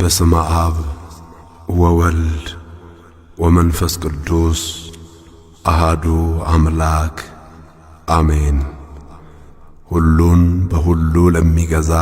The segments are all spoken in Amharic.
በስመ አብ ወወልድ ወመንፈስ ቅዱስ አሃዱ አምላክ አሜን። ሁሉን በሁሉ ለሚገዛ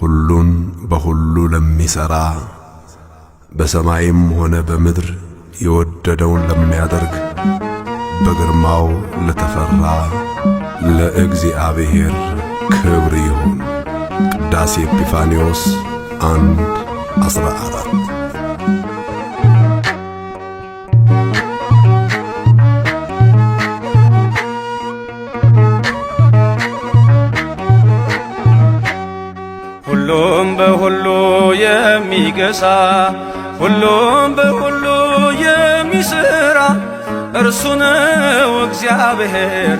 ሁሉን በሁሉ ለሚሠራ በሰማይም ሆነ በምድር የወደደውን ለሚያደርግ በግርማው ለተፈራ ለእግዚአብሔር ክብር ይሁን። ቅዳሴ ኤጲፋንዮስ الآن عصر عرب ሁሉም በሁሉ የሚገዛ ሁሉም በሁሉ የሚሠራ እርሱ ነው እግዚአብሔር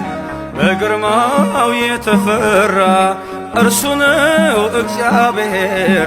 በግርማው የተፈራ እርሱ ነው እግዚአብሔር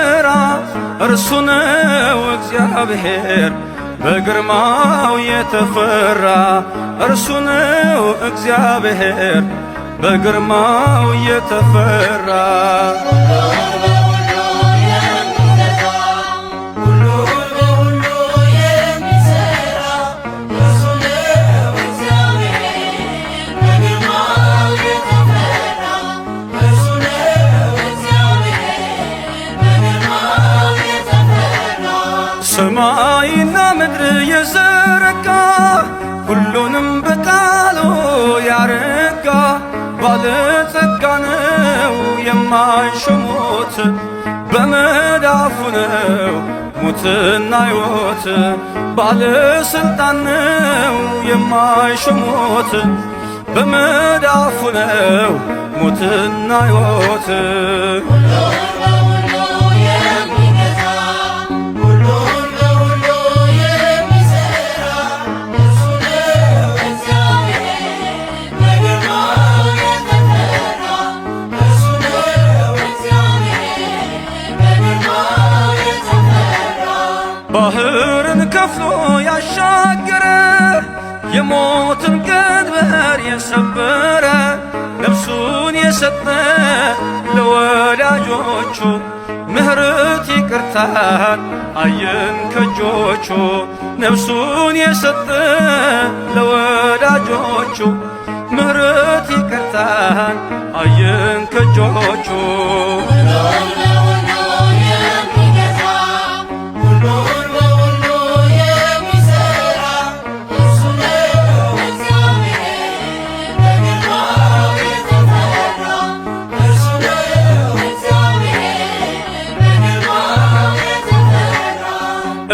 እርሱ ነው እግዚአብሔር በግርማው የተፈራ እርሱ ነው እግዚአብሔር በግርማው የተፈራ ባለጸጋ ነው የማይሾሙት በመዳፉ ነው ሙትና ሕይወት ባለሥልጣን ነው የማይሾሙት በመዳፉ ነው ሙትና ሕይወት የሞትን ቀንበር የሰበረ ነፍሱን የሰጠ ለወዳጆቹ ምህርት ይቅርታን አየን ከጆቹ ነፍሱን የሰጠ ለወዳጆቹ ምህርት ይቅርታን አየን ከጆቹ ሁሉን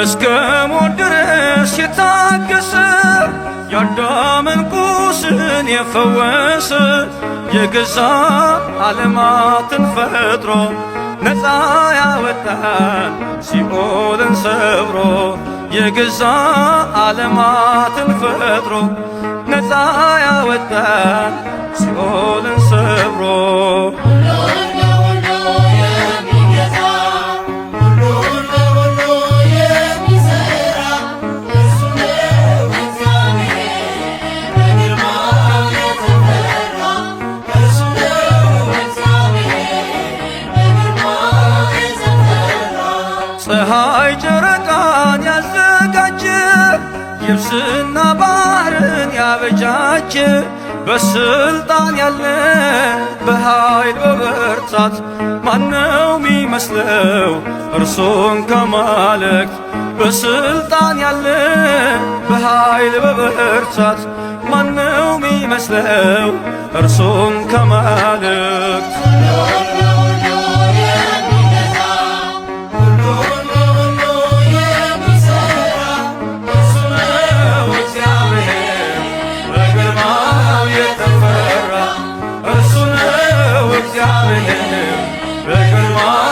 እስከ ሞት ድረስ የታገሰ የአዳምን ቁስን የፈወሰ የገዛ ዓለማትን ፈጥሮ ነፃ ያወጣን ሲኦልን ሰብሮ የገዛ ዓለማትን ፈጥሮ ነፃ ያወጣን ሲኦልን ሰብሮ ፀሐይ ጨረቃን ያዘጋጀ የብስና ባህርን ያበጃጀ በስልጣን ያለ በኃይል በበርታት ማነው ሚመስለው እርሶን ከማለክ በስልጣን ያለ በኃይል በበርታት ማነው ሚመስለው እርሶን ከማለክ 백을 마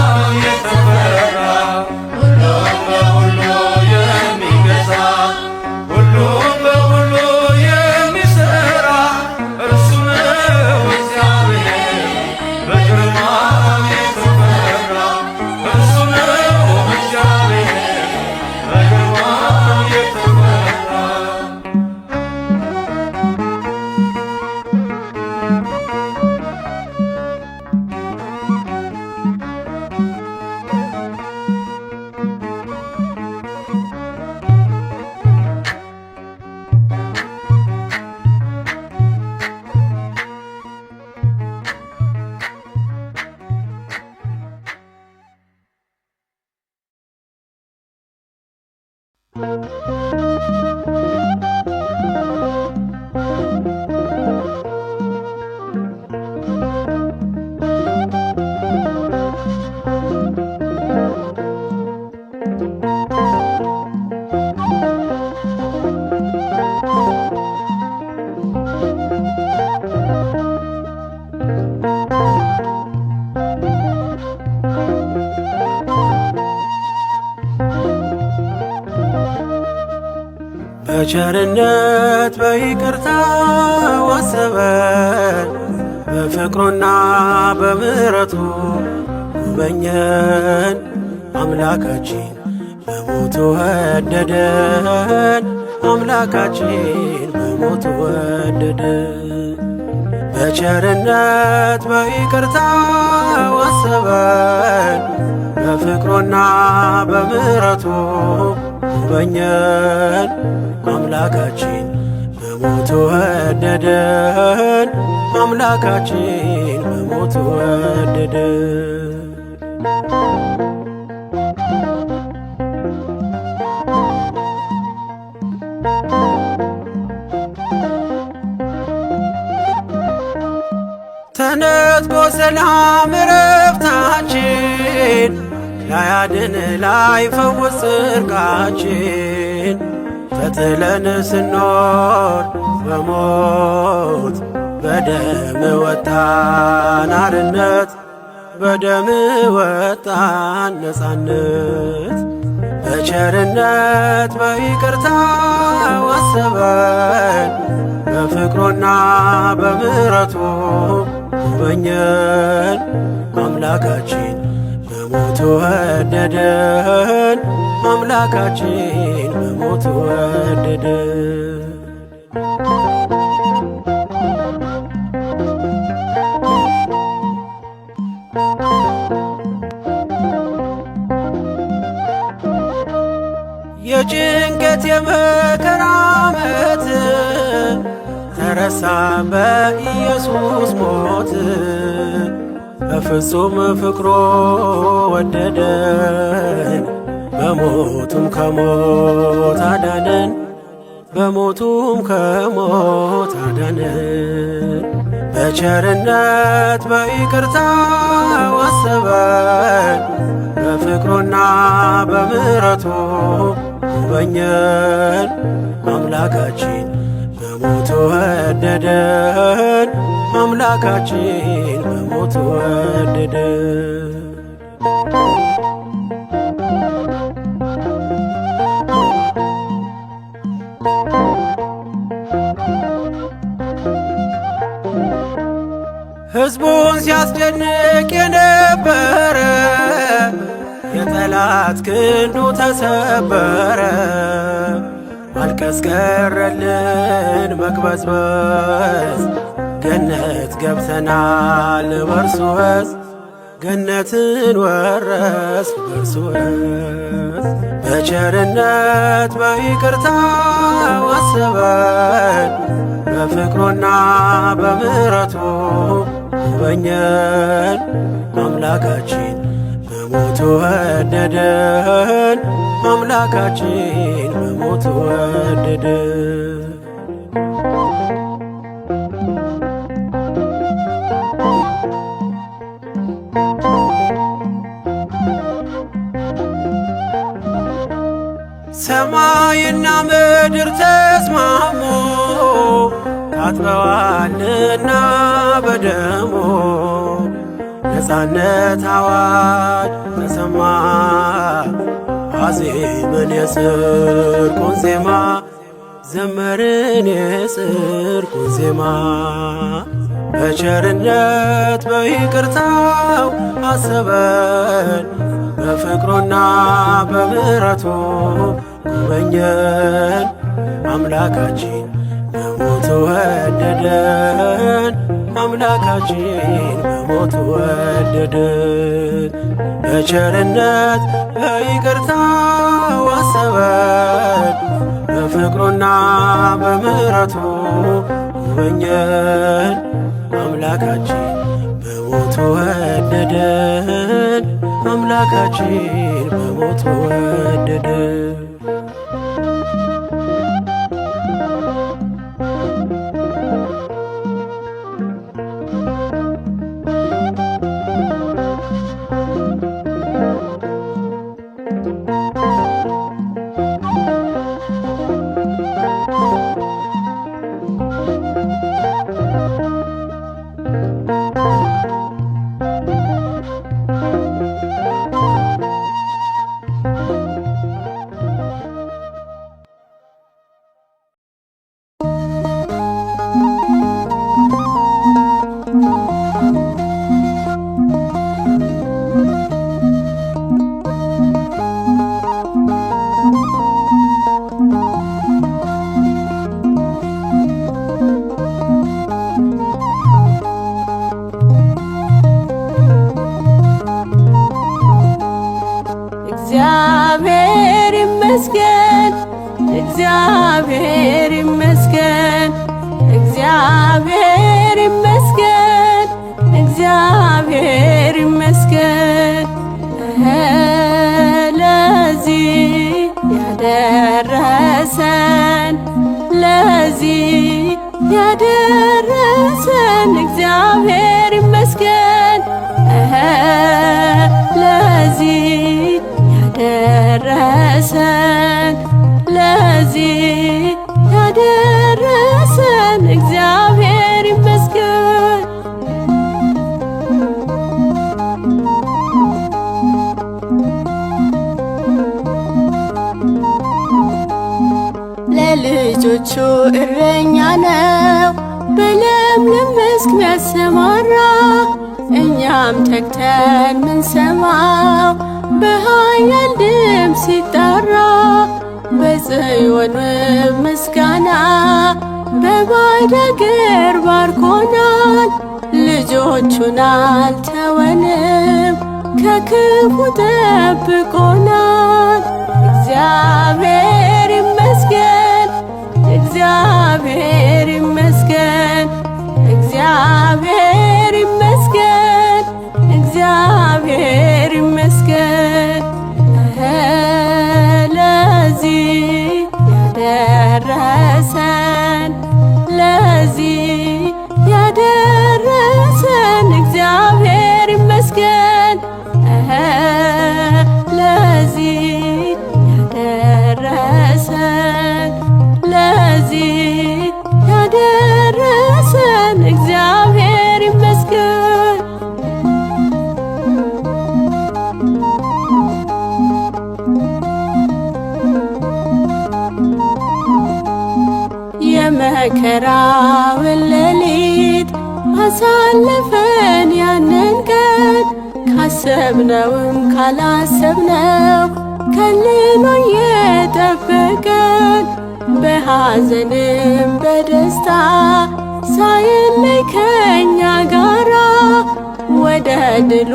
በቸርነት በይቅርታ ወሰበን በፍቅሩና በምሕረቱ ጎበኘን። አምላካችን በሞቱ ወደደን። አምላካችን በሞቱ ወደደን። በቸርነት በይቅርታ ወሰበን በፍቅሩና በምሕረቱ ጎበኘን አምላካችን በሞቱ ወደደን አምላካችን በሞቱ ወደደን ተነጥቆ ሰላም ያድን ላይ ፈውስ ጽድቃችን ፈትለን ስኖር በሞት በደም ወጣን አርነት በደም ወጣን ነፃነት በቸርነት በይቅርታ ወሰበን በፍቅሩና በምሕረቱ ጎበኘን አምላካችን ሞቱ ወደደን አምላካችን በሞቱ ወደደን። የጭንቀት የመከራ ዓመት ተረሳ በኢየሱስ ሞት በፍጹም ፍቅሮ ወደደን፣ በሞቱም ከሞት አዳነን፣ በሞቱም ከሞት አዳነን። በቸርነት በይቅርታ ወሰበን፣ በፍቅሩና በምሕረቱ ጎበኘን። አምላካችን በሞቱ ወደደን አምላካችን በሞት ወደደ። ሕዝቡን ሲያስደንቅ የነበረ የጠላት ክንዱ ተሰበረ። ማልቀስ ቀረልን መቅበዝበዝ ገነት ገብተናል በርሱ ገነትን ወረስ በርሱ ወዝ በቸርነት በይቅርታ አሰበን በፍቅሩና በምሕረቱ አበኘን አምላካችን በሞቱ ወደደን አምላካችን በሞቱ ወደደን ሰማይና ምድር ተስማሙ ታጥበዋልና በደሙ ነፃነት አዋጅ ተሰማ አዜምን የጽድቁን ዜማ ዘመርን የጽድቁን ዜማ በቸርነት በይቅርታው አሰበን በፍቅሩና በምሕረቱ ጎበኘን አምላካችን በሞቱ ወደደን አምላካችን በሞቱ ወደደን በቸርነት በይቅርታው አሰበን በፍቅሩና በምሕረቱ ጎበኘን አምላካችን በሞቱ ወደደን አምላካችን በሞቱ ወደደን ያደረሰን ለዚህ ያደረሰን እግዚአብሔር ሰላም ተግተን ምንሰማው በኃያል ድም ሲጠራ በጽዮን ውብ ምስጋና በባዳገር ባርኮናል። ልጆቹን አልተወንም ከክፉ ጠብቆናል። እግዚአብሔር ይመስገን፣ እግዚአብሔር ይመስገን፣ እግዚአብሔር ይመስገን። እግዚአብሔር ይመስገን ለዚህ ያደረሰ ካሰብነውም ካላሰብነው ከልሎ የጠበቀን በሐዘንም በደስታ ሳይለይ ከኛ ጋራ ወደ ድሉ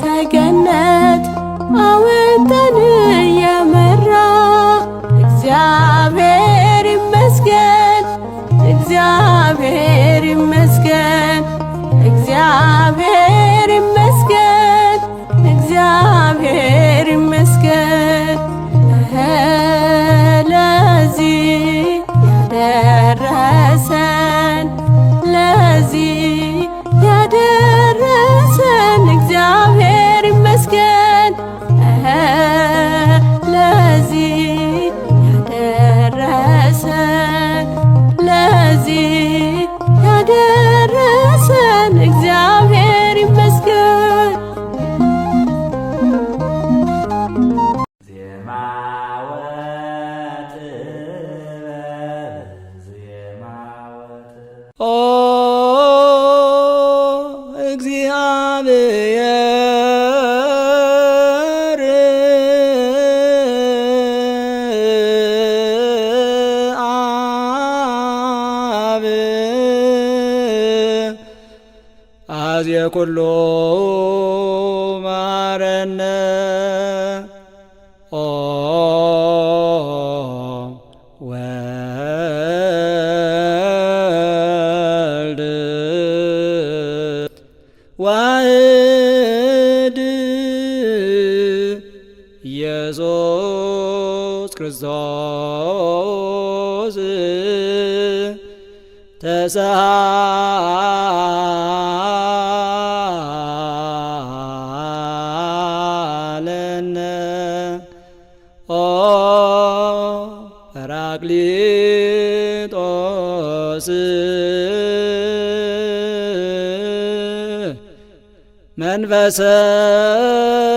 ሰገነት አወ ጽድቅ